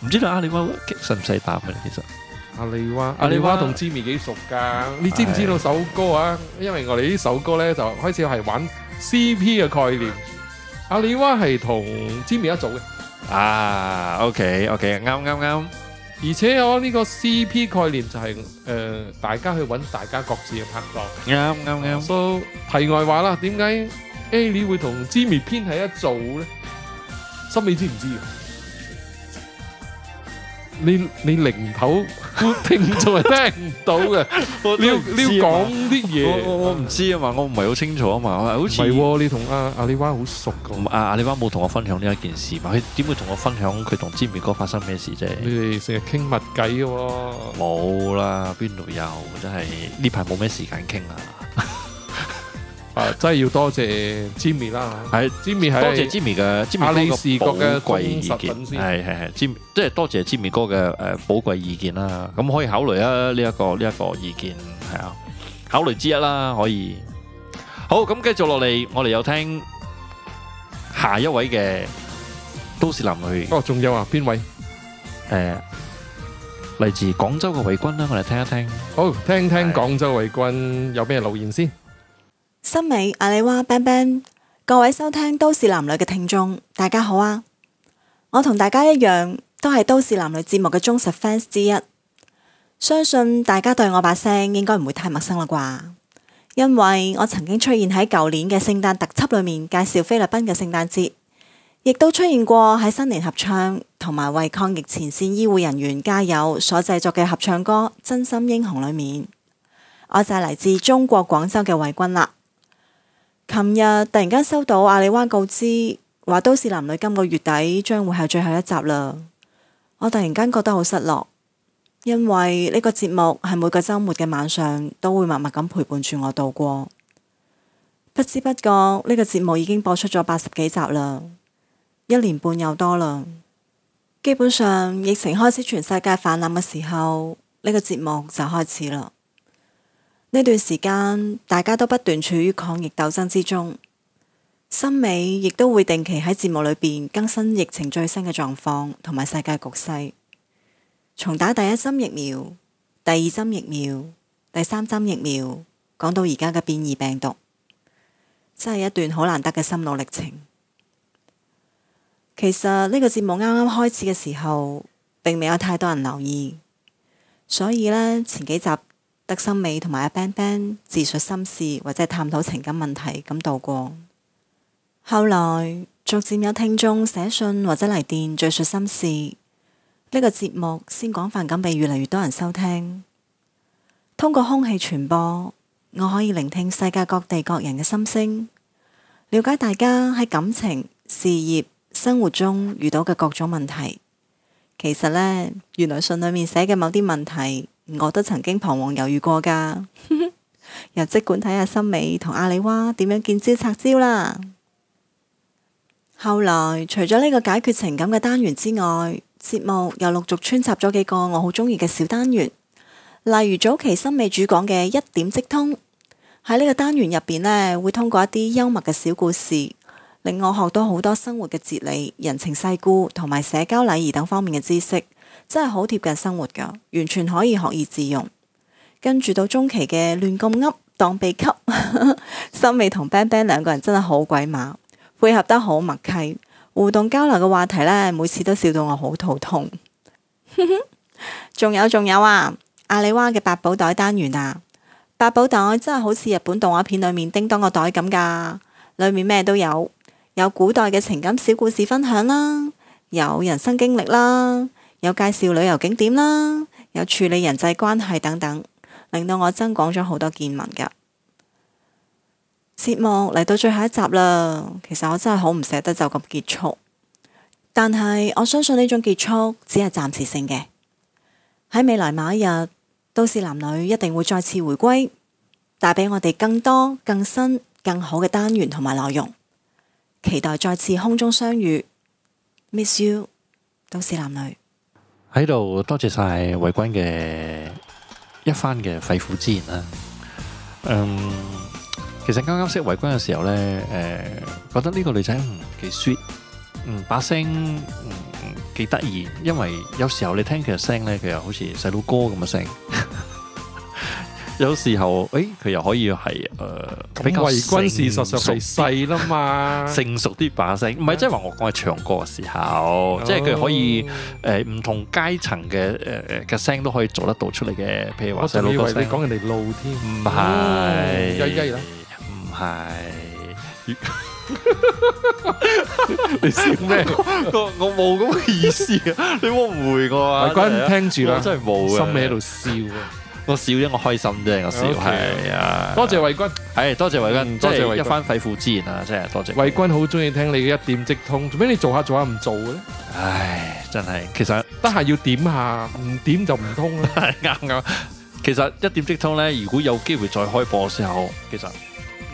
唔知道阿里娃使唔使打嘅。其實，啊、阿里娃，阿里娃同 Jimmy 幾熟噶，啊？嗯、你知唔知道首歌啊？是因為我哋呢首歌咧，就開始係玩 CP 嘅概念。啊、阿里娃係同 Jimmy 一組嘅。啊，OK OK，啱啱啱。而且我呢個 CP 概念就係、是、誒、呃，大家去揾大家各自嘅拍檔。啱啱啱。都題外話啦，點解 Ali 會同 Jimmy 編喺一組咧？森美你知唔知？你你零頭聽就係聽唔到嘅， (laughs) 你要你要講啲嘢。我我我唔知啊嘛，我唔係好清楚啊嘛，我好似你同阿阿里娃好熟噶、啊。阿阿里娃冇同我分享呢一件事嘛，佢點會同我分享佢同森美哥發生咩事啫？你哋成日傾密偈嘅喎。冇啦，邊度有？真係呢排冇咩時間傾啊！ (laughs) 啊！真係要多謝 Jimmy 啦，係 Jimmy，係多謝 Jimmy 嘅阿李視覺嘅寶貴意見，係係係，Jimmy，即係多謝 Jimmy 哥嘅誒寶貴意見啦。咁可以考慮啊呢一個呢一個意見係啊，考慮之一啦，可以好咁繼續落嚟，我哋又聽下一位嘅都市男女哦，仲有啊邊位？誒，嚟自廣州嘅衛軍啦，我哋聽一聽，好聽聽廣州衛軍有咩留言先。森美阿里娃 bang bang，各位收聽都市男女嘅聽眾，大家好啊！我同大家一樣，都係都市男女節目嘅忠實 fans 之一。相信大家對我把聲應該唔會太陌生啦啩，因為我曾經出現喺舊年嘅聖誕特輯裏面介紹菲律賓嘅聖誕節，亦都出現過喺新年合唱同埋為抗疫前線醫護人員加油所製作嘅合唱歌《真心英雄》裏面。我就係嚟自中國廣州嘅衛軍啦。琴日突然間收到阿里娃告知，話都市男女今個月底將會係最後一集啦。我突然間覺得好失落，因為呢個節目係每個周末嘅晚上都會默默咁陪,陪伴住我度過。不知不覺呢、這個節目已經播出咗八十幾集啦，一年半又多啦。基本上疫情開始全世界泛濫嘅時候，呢、這個節目就開始啦。呢段時間，大家都不斷處於抗疫鬥爭之中，森美亦都會定期喺節目裏邊更新疫情最新嘅狀況同埋世界局勢，從打第一針疫苗、第二針疫苗、第三針疫苗，講到而家嘅變異病毒，真係一段好難得嘅心路歷程。其實呢個節目啱啱開始嘅時候，並未有太多人留意，所以呢，前幾集。德森美同埋阿 Ben Ben 自述心事或者探討情感問題咁度過。後來逐漸有聽眾寫信或者嚟電敘述心事，呢個節目先廣泛咁被越嚟越多人收聽。通過空氣傳播，我可以聆聽世界各地各人嘅心聲，了解大家喺感情、事業、生活中遇到嘅各種問題。其實呢，原來信裏面寫嘅某啲問題。我都曾經彷徨猶豫過噶，又即管睇下森美同阿里娃點樣見招拆招啦。後來除咗呢個解決情感嘅單元之外，節目又陸續穿插咗幾個我好中意嘅小單元，例如早期森美主講嘅一點即通，喺呢個單元入邊呢，會通過一啲幽默嘅小故事，令我學到好多生活嘅哲理、人情世故同埋社交禮儀等方面嘅知識。真係好貼近生活噶，完全可以學以致用。跟住到中期嘅亂咁噏，當秘笈， (laughs) 森美同 Ben Ben 兩個人真係好鬼馬，配合得好默契，互動交流嘅話題呢，每次都笑到我好肚痛。仲 (laughs) 有仲有啊，阿里娃嘅八寶袋單元啊，八寶袋真係好似日本動畫片裏面叮噹個袋咁噶，裏面咩都有，有古代嘅情感小故事分享啦，有人生經歷啦。有介紹旅遊景點啦，有處理人際關係等等，令到我增廣咗好多見聞噶。節目嚟到最後一集啦，其實我真係好唔捨得就咁結束，但係我相信呢種結束只係暫時性嘅。喺未來某一日，都市男女一定會再次回歸，帶俾我哋更多、更新、更好嘅單元同埋內容。期待再次空中相遇，Miss you，都市男女。喺度多謝晒維君嘅一番嘅肺腑之言啦。嗯，其實啱啱識維君嘅時候呢，誒、呃，覺得呢個女仔幾、嗯、sweet 嗯，把聲嗯幾得意，因為有時候你聽佢嘅聲呢，佢又好似細路哥咁嘅聲。 (laughs) 有時候，誒佢又可以係誒比較細，事實上係細啦嘛，成熟啲把聲。唔係即係話我講係唱歌嘅時候，即係佢可以誒唔同階層嘅誒誒嘅聲都可以做得到出嚟嘅。譬如話，我就以為你講人哋老添，唔係雞雞啦，唔係你笑咩？我我冇咁嘅意思啊！你冇誤會我啊！偉君聽住啦，我真係冇嘅，心喺度笑。我笑啲，我開心啫，我笑係啊 Okay, yeah,，多謝衛軍，係、嗯、多謝衛軍，即係一番肺腑之言啊，真係多謝衛君。衛軍好中意聽你嘅一點即通，做咩你做下做下唔做嘅咧？唉，真係，其實得閒要點下，唔點就唔通啦，係啱噶。其實一點即通咧，如果有機會再開播嘅時候，其實。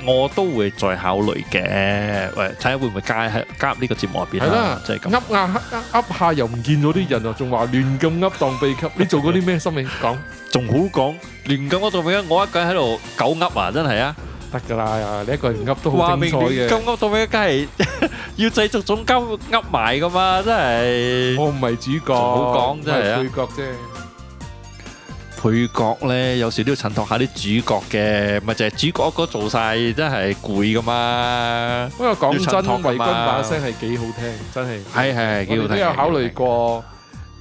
我都會再考慮嘅，喂，睇下會唔會加喺加入呢個節目入邊啦。係啦，即係噉。噏下噏噏下又唔見咗啲人啊，仲話亂噏噏當秘笈，你做過啲咩心理講？仲好講，亂噏我做咩？我一個人喺度狗噏啊，真係啊，得㗎啦，你一個人噏都好精彩嘅。噏我做咩？梗係要製作總監噏埋㗎嘛，真係。我唔係主角，好講真係啊。配角啫。配角咧，有時都要襯托下啲主角嘅，咪就係主角嗰個做晒，真係攰㗎嘛。不過講真，維君把聲係幾好聽，真係。係係，幾好聽。我哋都有考慮過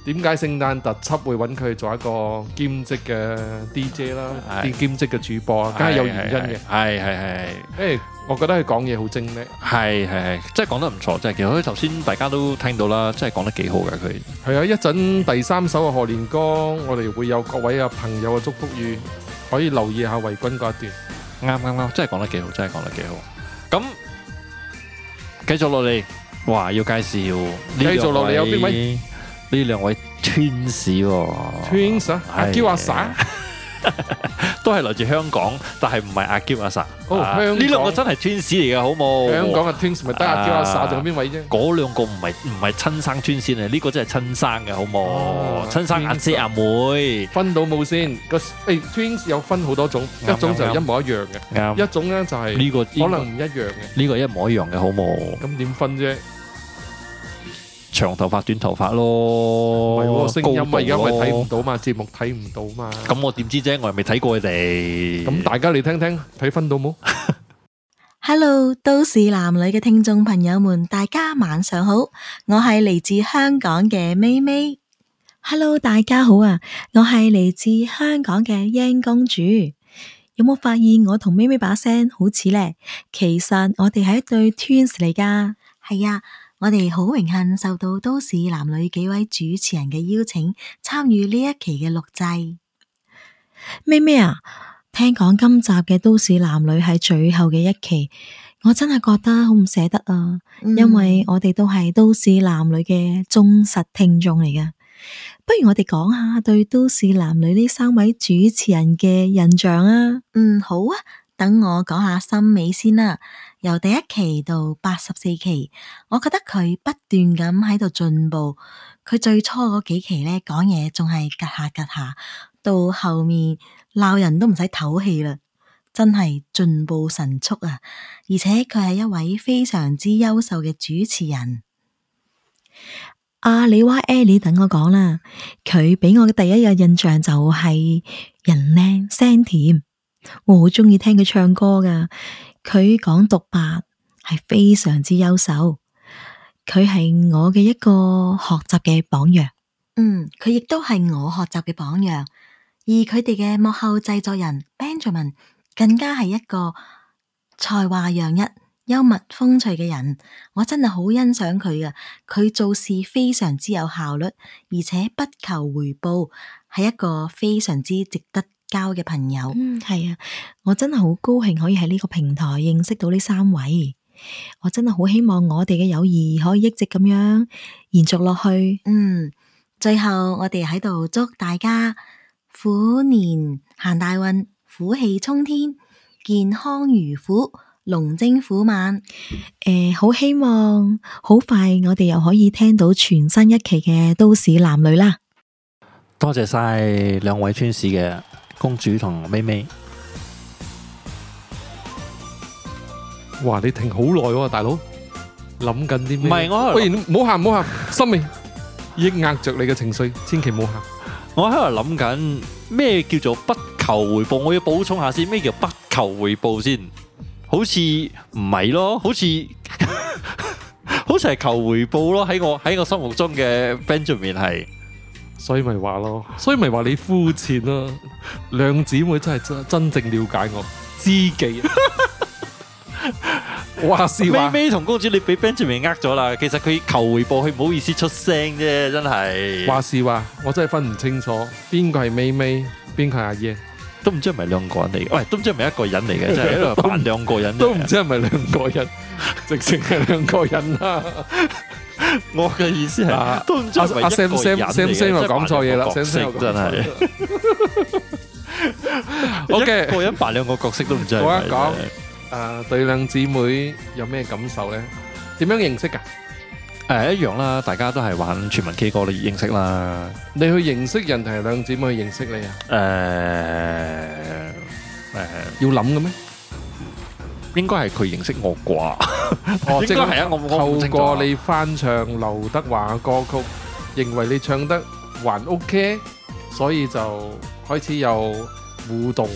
點解聖誕特輯會揾佢做一個兼職嘅 DJ 啦，兼兼職嘅主播，梗係有原因嘅。係係係。誒。我覺得佢講嘢好精叻，係係係，真係講得唔錯，真係幾好，頭先大家都聽到啦，真係講得幾好嘅佢。係啊，一陣第三首嘅賀年歌，我哋會有各位嘅朋友嘅祝福語，可以留意下維軍嗰一段。啱啱啱，真係講得幾好，真係講得幾好。咁繼續落嚟，哇，要介紹，繼續落嚟有邊位？呢兩位 Twins 喎，Twins 啊，阿嬌阿 Sa。都係嚟自香港，但係唔係阿嬌阿 sa。哦，呢兩個真係 twins 嚟噶，好冇？香港嘅 twins 咪得阿嬌阿 sa，仲有邊位啫？嗰兩個唔係唔係親生 twins 先啊？呢個真係親生嘅，好冇？親生姐阿妹分到冇先？個誒 twins 有分好多種，一種就一模一樣嘅，啱。一種咧就係呢個可能唔一樣嘅，呢個一模一樣嘅，好冇？咁點分啫？長頭髮、短頭髮咯，唔係喎，聲音咪因為睇唔到嘛，節目睇唔到嘛。咁我點知啫？我又未睇過佢哋。咁大家你聽聽，睇分到冇？Hello，都市男女嘅聽眾朋友們，大家晚上好，我係嚟自香港嘅咪咪。Hello，大家好啊，我係嚟自香港嘅英公主。有冇發現我同咪咪把聲好似呢？其實我哋係一對 twins 嚟㗎。係啊。我哋好榮幸受到都市男女幾位主持人嘅邀請，參與呢一期嘅錄製。咩咩啊？聽講今集嘅都市男女係最後嘅一期，我真係覺得好唔捨得啊！因為我哋都係都市男女嘅忠實聽眾嚟㗎。不如我哋講下對都市男女呢三位主持人嘅印象啊？嗯，好啊，等我講下森美先啦。由第一期到八十四期，我覺得佢不斷咁喺度進步。佢最初嗰幾期呢，講嘢仲係夾下夾下，到後面鬧人都唔使唞氣啦，真係進步神速啊！而且佢係一位非常之優秀嘅主持人。阿里娃 Ellie，等我講啦，佢俾我嘅第一日印象就係人靚聲甜，我好中意聽佢唱歌噶。佢講獨白係非常之優秀，佢係我嘅一個學習嘅榜樣。嗯，佢亦都係我學習嘅榜樣。而佢哋嘅幕後製作人 Benjamin 更加係一個才華洋溢、幽默風趣嘅人。我真係好欣賞佢呀，佢做事非常之有效率，而且不求回報，係一個非常之值得交嘅朋友，嗯，係啊！我真係好高興可以喺呢個平台認識到呢三位，我真係好希望我哋嘅友誼可以一直咁樣延續落去。嗯，最後我哋喺度祝大家虎年行大運，虎氣沖天，健康如虎，龍精虎猛。誒、嗯，好、呃、希望好快我哋又可以聽到全新一期嘅都市男女啦！多謝晒兩位川市嘅。公主同妹妹，哇！你停好耐喎，大佬諗緊啲咩？唔係，我喺度，唔好喊，唔好喊，心面抑壓着你嘅情緒，千祈唔好喊。我喺度諗緊咩叫做不求回報？我要補充下先，咩叫不求回報先？好似唔係咯，好似好似係求回報咯。喺我喺我心目中嘅 Benjamin 係。所以咪話咯，所以咪話你膚淺咯，兩姊妹真係真真正了解我知己，啊。 (laughs) 話是話，咪咪同公主你畀 Benjamin 呃咗啦，其實佢求回報，佢唔好意思出聲啫，真係。話是話，我真係分唔清楚邊個係咪咪，邊個係阿爺。都唔知係咪兩個人嚟？喂，都唔知係咪一個人嚟嘅，即係喺度扮兩個人。都唔知係咪兩個人，直情係兩個人啦。我嘅意思係，都唔知係咪一個人嘅嘢。阿 sam sam sam 又講錯嘢啦，sam 真係。OK，一個人扮兩個角色都唔知。講一講，誒，對兩姊妹有咩感受咧？點樣認識㗎？誒，一樣啦，大家都係玩全民 K 歌，你認識啦。你去認識人哋，係兩字，咪去認識你啊？誒誒，要諗嘅咩？應該係佢認識我啩？哦，應該係啊，我我透過你翻唱劉德華嘅歌曲，認為你唱得還 OK，所以就開始有互動。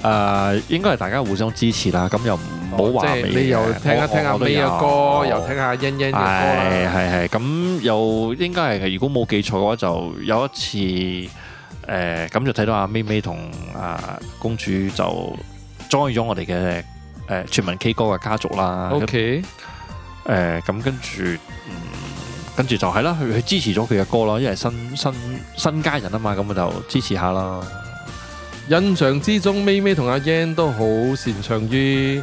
誒，應該係大家互相支持啦，咁又唔～冇話你又聽一聽阿 May 嘅歌，又聽下欣欣嘅歌啦。係係係咁，又應該係。如果冇記錯嘅話，就有一次誒，咁就睇到阿 May May 同阿公主就 join 咗我哋嘅誒全民 K 歌嘅家族啦。OK，誒咁跟住，跟住就係啦，去去支持咗佢嘅歌啦，因為新新新家人啊嘛，咁就支持下啦。印象之中，May May 同阿欣都好擅長於。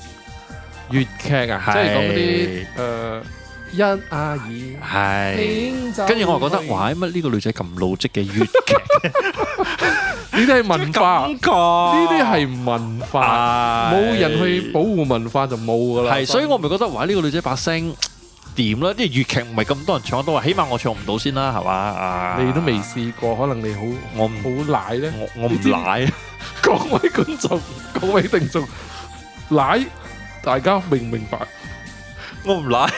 粵劇啊，即係講嗰啲，呃，一啊二，係，跟住我又覺得，哇，乜呢個女仔咁老積嘅粵劇，呢啲係文化，呢啲係文化，冇人去保護文化就冇噶啦，係，所以我咪覺得，哇，呢個女仔把聲掂啦，即係粵劇唔係咁多人唱得多，起碼我唱唔到先啦，係嘛？你都未試過，可能你好，我唔好奶咧，我我唔奶，各位觀眾，各位聽眾，奶。大家明唔明白？我唔奶，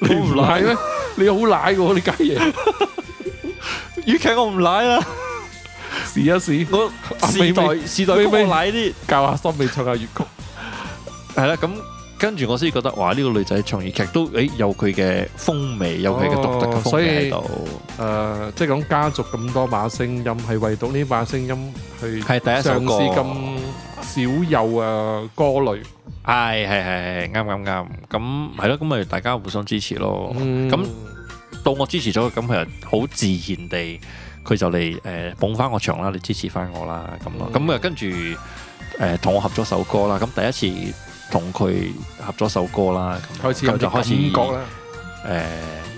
你唔奶咩？你好奶喎！你家嘢粵劇我唔奶啦，試一試。我時代時代哥奶啲，教下心，未唱下粵曲。係啦，咁跟住我先覺得，哇！呢個女仔唱粵劇都誒，有佢嘅風味，有佢嘅獨特嘅風味喺度。誒，即係講家族咁多把聲音，係唯獨呢把聲音去嘗試咁少有啊歌類。係係係係，啱啱啱，咁係咯，咁咪大家互相支持咯。咁、嗯、到我支持咗，咁佢好自然地佢就嚟誒，捧翻我場啦，你支持翻我啦咁咯。咁佢跟住誒，同我合咗首歌啦，咁第一次同佢合咗首歌啦，開始感覺，開始誒，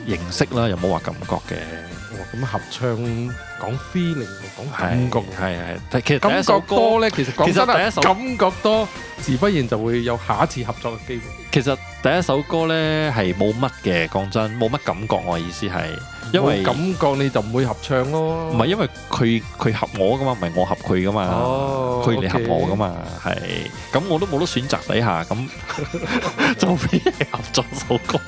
認識啦，又冇話感覺嘅。咁合唱講 feeling，講感覺，係係。但其實第一首歌咧，其實講真啊，第一首感覺多，自不然就會有下一次合作嘅機會。其實第一首歌咧係冇乜嘅，講真冇乜感覺。我意思係，因為感覺你就唔會合唱咯。唔係因為佢佢合我噶嘛，唔係我合佢噶嘛。哦，佢嚟合我噶嘛，係。咁我都冇得選擇底下，咁就畀你合作首歌。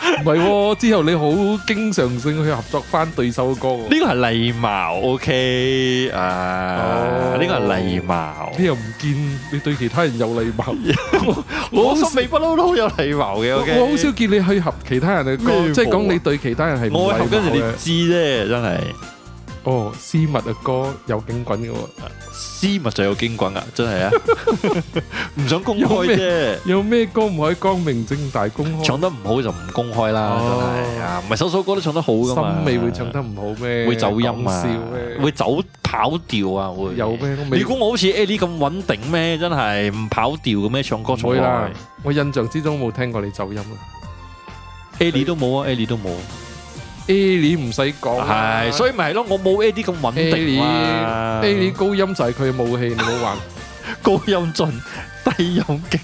唔係、喎，之後你好經常性去合作翻對手嘅歌、喎，呢個係禮貌，OK，誒，呢個係禮貌，你又唔見你對其他人有禮貌，我好少不嬲都好有禮貌嘅，我好少見你去合其他人嘅歌，即係講你對其他人係我合跟住你唔知啫，真係。哦，私密嘅歌有勁滾嘅喎，私密就有勁滾啊，真係啊，唔想公開啫。有咩歌唔可以光明正大公開？唱得唔好就唔公開啦，真係啊，唔係首首歌都唱得好噶嘛。森美會唱得唔好咩？會走音啊，會走跑調啊，會。有咩？如果我好似 Ari 咁穩定咩？真係唔跑調嘅咩？唱歌，所以啦，我印象之中冇聽過你走音啊，Ari 都冇啊，Ari 都冇。A 你唔使講，係所以咪係咯，我冇 A 啲咁穩定。A 你高音就係佢嘅武器，你冇話高音盡，低音勁。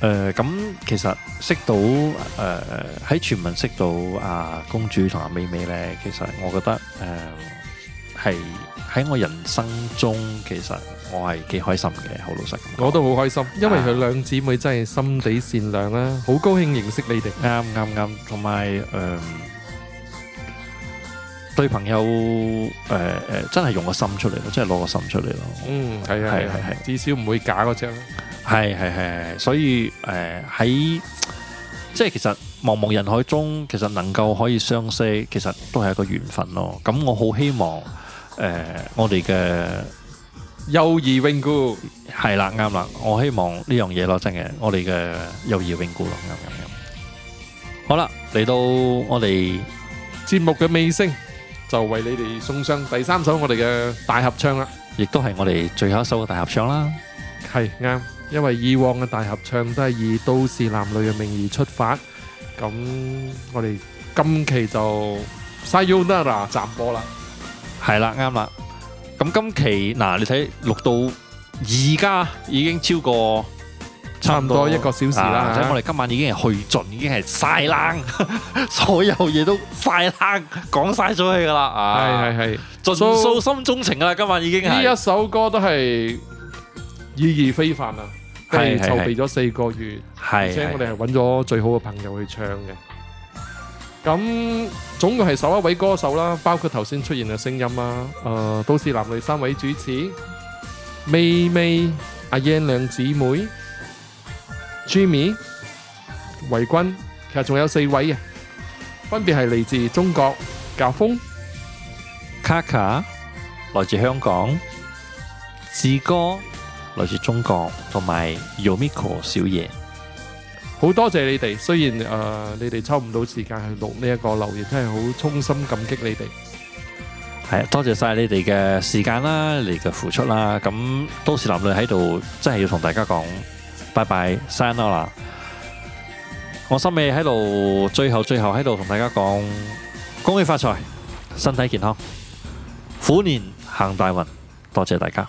誒，咁其實識到誒，喺全民識到阿公主同阿美美咧，其實我覺得誒係喺我人生中其實。我係幾開心嘅，好老實。我都好開心，因為佢兩姊妹真係心地善良啦，好高興認識你哋。啱啱啱，同埋誒，對朋友誒誒，真係用個心出嚟咯，真係攞個心出嚟咯。嗯，係啊，係係係，至少唔會假嗰隻咯。係係係，所以誒喺即係其實茫茫人海中，其實能夠可以相識，其實都係一個緣分咯。咁我好希望誒，我哋嘅。友誼永固係啦，啱啦，我希望呢樣嘢咯，真係，我哋嘅友誼永固咯，啱啱啱，好啦，嚟到我哋節目嘅尾聲，就為你哋送上第三首我哋嘅大合唱啦，亦都係我哋最後一首嘅大合唱啦，係啱，因為以往嘅大合唱都係以都市男女嘅名義出發，咁我哋今期就 Sayonara 暫播啦，係啦，啱啦。咁今期嗱，你睇錄到而家已經超過差唔多一個小時啦，所以我哋今晚已經係去盡，已經係晒冷，所有嘢都晒冷，講晒咗佢㗎啦，係係係，盡訴心中情啦，今晚已經係，呢一首歌都係意義非凡啊，係係係，籌備咗四個月，而且我哋係揾咗最好嘅朋友去唱嘅。咁總共係十一位歌手啦，包括頭先出現嘅聲音啊，誒，都市男女三位主持，咪咪、阿燕兩姊妹，Jimmy、維君，其實仲有四位嘅，分別係嚟自中國、教峰、Kaka，來自香港，志哥，來自中國同埋 Yomiko 小爺。好多謝你哋，雖然誒你哋抽唔到時間去錄呢一個留言，真係好衷心感激你哋。係啊，多謝晒你哋嘅時間啦，你嘅付出啦。咁都市男女喺度真係要同大家講拜拜，散啦。我森美喺度，最後最後喺度同大家講，恭喜發財，身體健康，虎年行大運，多謝大家。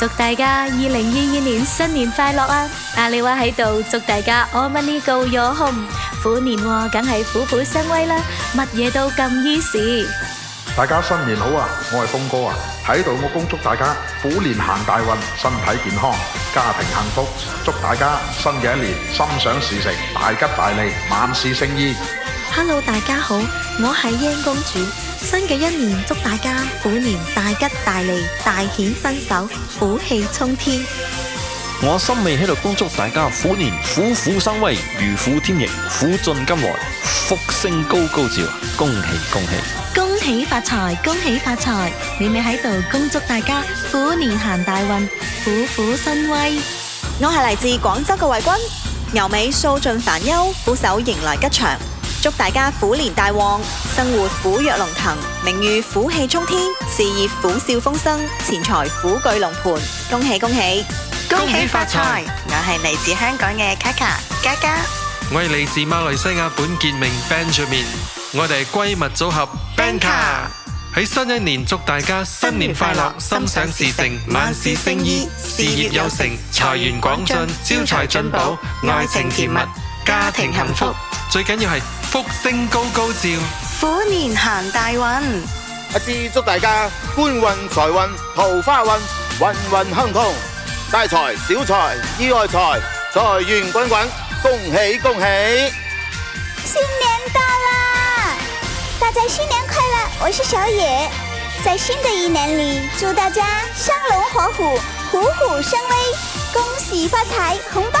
祝大家二零二二年新年快樂啊！阿里娃喺度，祝大家 all money go your home，虎年梗係虎虎生威啦，乜嘢都咁易事。大家新年好啊！我係峰哥啊，喺度我恭祝大家虎年行大運，身體健康，家庭幸福。祝大家新嘅一年心想事成，大吉大利，萬事勝意。Hello，大家好，我係英公主。新嘅一年祝大家虎年大吉大利，大顯身手，虎氣沖天。我心未喺度恭祝大家虎年虎虎生威，如虎添翼，虎盡甘來，福星高高照，恭喜恭喜，恭喜！恭喜發財，恭喜發財！美美喺度恭祝大家虎年行大運，虎虎生威。我係嚟自廣州嘅衛軍，牛尾掃盡煩憂，虎首迎來吉祥。祝大家虎年大旺，生活虎躍龍騰，名譽虎氣沖天，事業虎嘯風生，錢財虎踞龍盤，恭喜恭喜恭喜發財！我係嚟自香港嘅 Kaka 嘉嘉，我係嚟自馬來西亞本傑明 Benjamin，我哋閨蜜組合 Benca 喺新一年祝大家新年快樂，心想事成，萬事勝意，事業有成，財源廣進，招財進寶，愛情甜蜜。家庭幸福，最緊要係福星高高照，虎年行大運。阿芝祝大家官運財運桃花運，運運亨通，大財小財意外財，財源滾滾，恭喜恭喜！新年到啦，大家新年快樂！我是小野，在新的一年裏祝大家生龍活虎，虎虎生威，恭喜發財，紅包！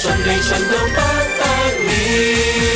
順利信到不得了。